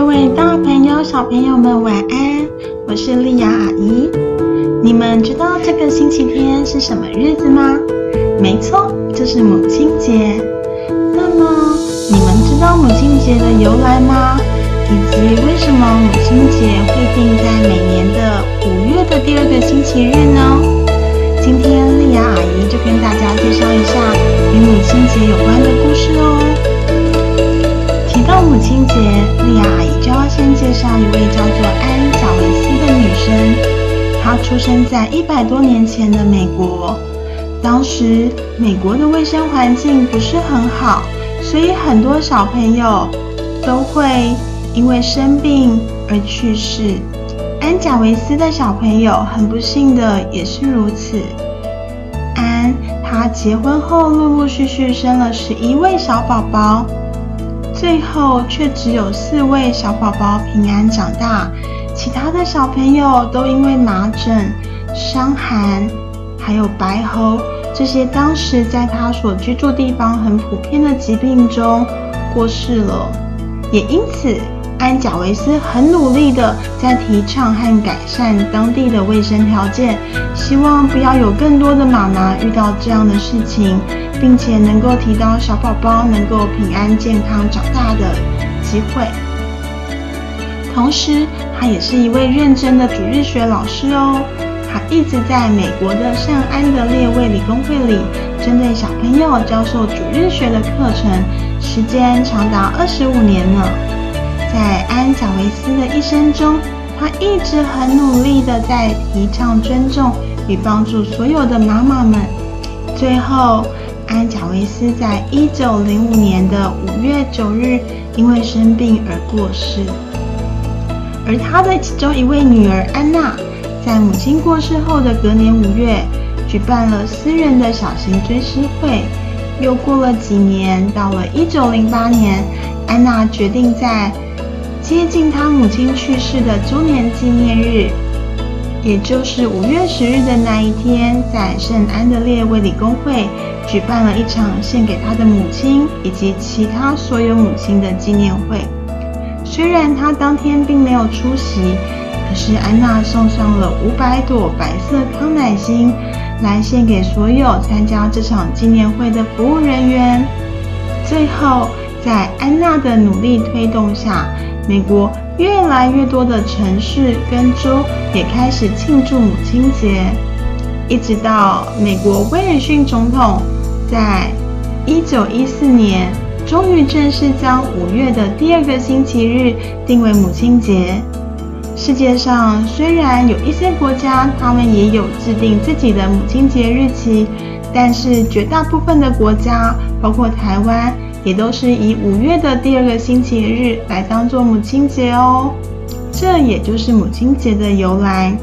各位大朋友、小朋友們晚安，我是麗雅阿姨。你們知道這個星期天是什麼日子嗎？沒錯，就是母親節。那麼，你們知道母親節的由來嗎？以及為什麼母親節會定在每年的五月的第二個星期日呢？今天麗雅阿姨就跟大家介紹一下與母親節有關的故事哦。提到母親節，麗雅阿姨。介紹一位叫做安·賈維斯的女生，她出生在一百多年前的美國。當時美國的衛生環境不是很好，所以很多小朋友都會因為生病而去世。安·賈維斯的小朋友很不幸的也是如此。安，她結婚後陸陸續續生了十一位小寶寶。最後卻只有四位小寶寶平安長大，其他的小朋友都因為麻疹、傷寒，還有白喉這些當時在他所居住地方很普遍的疾病中過世了，也因此。安賈維斯很努力的在提倡和改善當地的衛生條件，希望不要有更多的媽媽遇到這樣的事情，並且能夠提高小寶寶能夠平安健康長大的機會。同時，他也是一位認真的主日學老師哦，他一直在美國的聖安德烈衛理公會裡針對小朋友教授主日學的課程，時間長達二十五年呢。在安賈維斯的一生中，她一直很努力地在提倡尊重與幫助所有的媽媽們。最後，安賈維斯在一九零五年的五月九日因為生病而過世。而她的其中一位女兒安娜，在母親過世後的隔年五月，舉辦了私人的小型追思會。又過了幾年，到了一九零八年，安娜決定在接近他母親去世的週年紀念日，也就是五月十日的那一天，在聖安德烈衛理公會舉辦了一場獻給他的母親以及其他所有母親的紀念會。雖然他當天並沒有出席，可是安娜送上了五百朵白色康乃馨來獻給所有參加這場紀念會的服務人員。最後，在安娜的努力推動下，美國越來越多的城市跟州也開始慶祝母親節，一直到美國威爾遜總統在1914年，終於正式將五月的第二個星期日定為母親節。世界上雖然有一些國家，他們也有制定自己的母親節日期，但是絕大部分的國家，包括台灣。也都是以五月的第二個星期日來當做母親節哦，這也就是母親節的由來。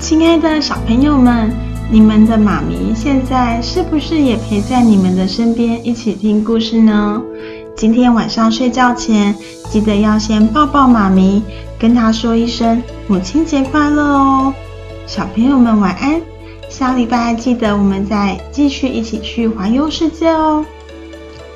親愛的小朋友們，你們的媽咪現在是不是也陪在你們的身邊一起聽故事呢？今天晚上睡覺前，記得要先抱抱媽咪，跟她說一聲母親節快樂哦。小朋友們晚安，下禮拜記得我們再繼續一起去環遊世界哦。